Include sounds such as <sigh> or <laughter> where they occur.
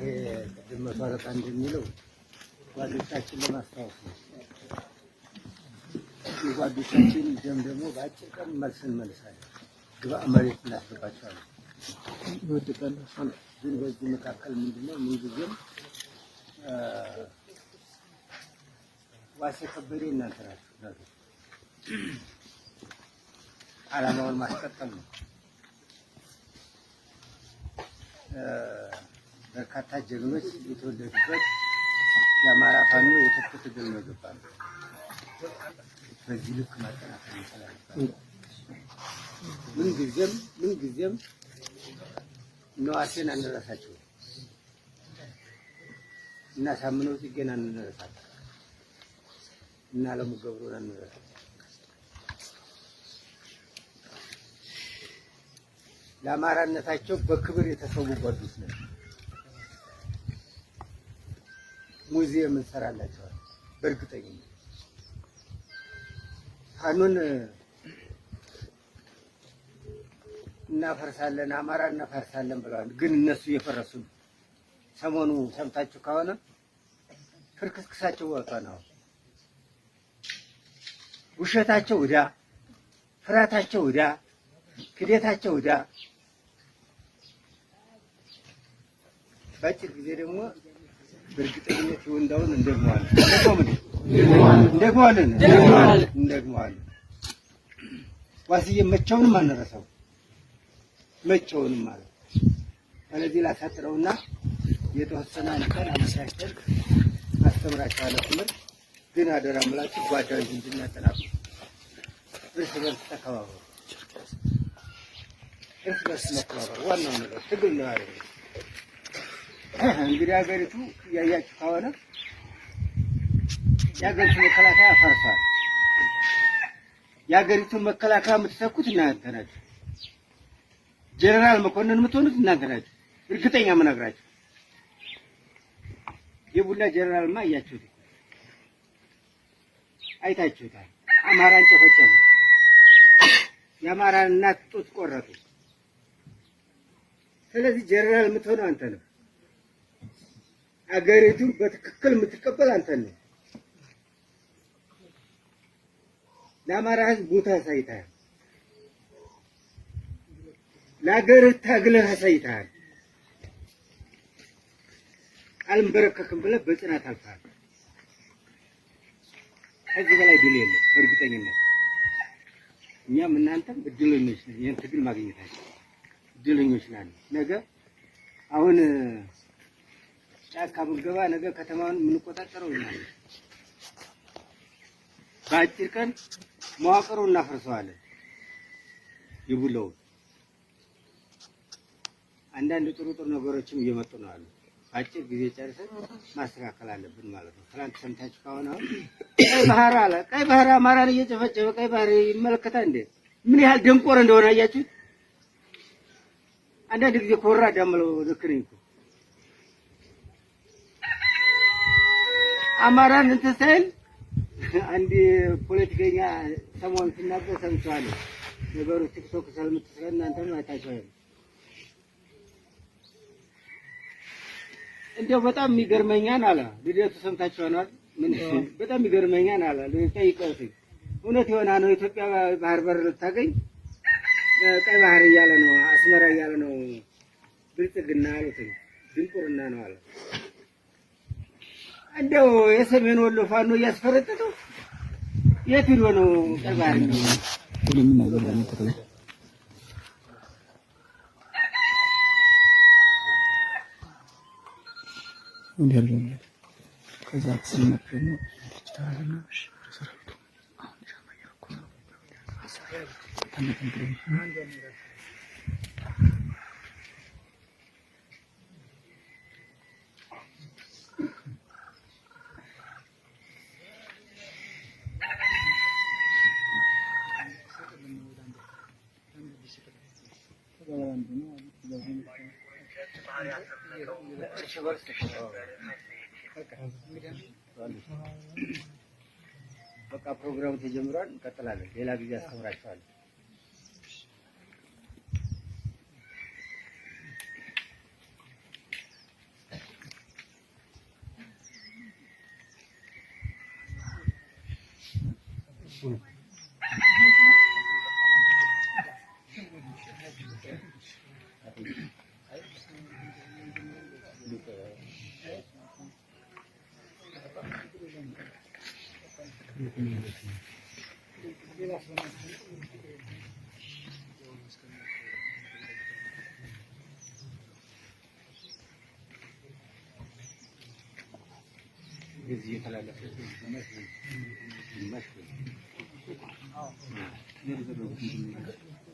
ዛሬ ድመቱ አለቃ እንደሚለው ጓዶቻችን ለማስታወስ ነው። የጓዶቻችን ደም ደግሞ በአጭር ቀን መልስ እንመልሳለን። ግብአ መሬት እናስገባቸዋለን። ግን በዚህ መካከል ምንድነው ምንጊዜም ዋሴ ከበደ እናንተ ናችሁ። ዓላማውን ማስቀጠል ነው። በርካታ ጀግኖች የተወለዱበት የአማራ ፋኖ የትጥቅ ትግል መገባ ነው። በዚህ ልክ ማጠናከር ይችላል። ምንጊዜም ምንጊዜም ነዋሴን አንረሳቸው እና ሳምነው ጽጌን አንረሳቸው እና አለሙ ገብሩን አንረሳቸው ለአማራነታቸው በክብር የተሰዉ ጓዶች ናቸው። ሙዚየም እንሰራላቸዋል። በእርግጠኝነት ፋኖን እናፈርሳለን፣ አማራ እናፈርሳለን ብለዋል። ግን እነሱ እየፈረሱ ነው። ሰሞኑ ሰምታችሁ ከሆነ ፍርክስክሳቸው ወጥቶ ነው። ውሸታቸው ውዳ፣ ፍርሃታቸው ውዳ ክደታቸው ውዳ በአጭር ጊዜ ደግሞ በእርግጠኝነት ወንዳውን እንደግመዋለን እንደግመዋለን እንደግመዋለን። ዋስዬ መቼውንም አንረሳው መቼውንም ማለት ስለዚህ ላሳጥረውና የተወሰነ አንተን አመቻቸን አስተምራቸዋለሁ። ትምህርት ግን አደራ የምላችሁ ጓዳዊ እንድናጠናቁ እርስ በርስ ተከባበሩ። እርስ በርስ መከባበር ዋናው ነገር ትግል ነው ያደረገ እንግዲህ ሀገሪቱ እያያችሁ ከሆነ የሀገሪቱ መከላከያ ፈርሷል። የሀገሪቱን መከላከያ የምትተኩት እናንተ ናችሁ። ጀነራል መኮንን የምትሆኑት እናንተ ናችሁ። እርግጠኛ ምነግራችሁ የቡላ ጀኔራልማ እያችሁት አይታችሁታል። አማራን ጨፈጨፉ። የአማራን እናት ጡት ቆረጡ። ስለዚህ ጀነራል የምትሆነው አንተ ነው። አገሪቱን በትክክል የምትቀበል አንተ ነው። ለአማራ ህዝብ ቦታ አሳይተሃል። ለሀገርህ ታግለህ አሳይተሃል። አልንበረከክም ብለህ በጽናት አልፈሃል። ከዚህ በላይ ድል የለም። በእርግጠኝነት እኛም እናንተም እድለኞች ነን። ይህን ትግል ማግኘታችን እድለኞች ናለን። ነገ አሁን ጫካ ብንገባ ነገ ከተማን የምንቆጣጠረው እኛ በአጭር ቀን መዋቅሩ እናፈርሰዋለን። ይቡለው አንዳንድ ጥሩ ጥሩ ነገሮችም እየመጡ ነው አሉ። በአጭር ጊዜ ጨርሰን ማስተካከል አለብን ማለት ነው። ትናንት ሰምታችሁ ከሆነ ቀይ ባህር አለ። ቀይ ባህር አማራን እየጨፈጨፈ ቀይ ባህር ይመለከታል እንዴ? ምን ያህል ደንቆር እንደሆነ አያችሁት? አንዳንድ ጊዜ ኮራ ዳምለው ልክ እኮ አማራን እንትን ሳይል <laughs> አንድ ፖለቲከኛ ሰሞን ሲናገር ሰምቼዋለሁ። ነገሩ ቲክቶክ ስለምትስራ እናንተም አይታችኋል። እንዲያው በጣም ይገርመኛል አለ ልደቱ። ሰምታችኋል? ምን በጣም ይገርመኛል አለ ልደቱ። ጠይቀውትኝ እውነት የሆነ ነው ኢትዮጵያ ባህር በር ልታገኝ ቀይ ባህር እያለ ነው አስመራ እያለ ነው ብልጽግና አሉትኝ ድንቁርና ነው አለ እንደው የሰሜን ወሎ ፋኖ እያስፈረጠጡ የት ሂዶ ነው ቀርባሪ ነው በቃ ፕሮግራሙ ተጀምሯል። እንቀጥላለን። ሌላ ጊዜ አስተምራችኋለሁ። Thank you. Gracias.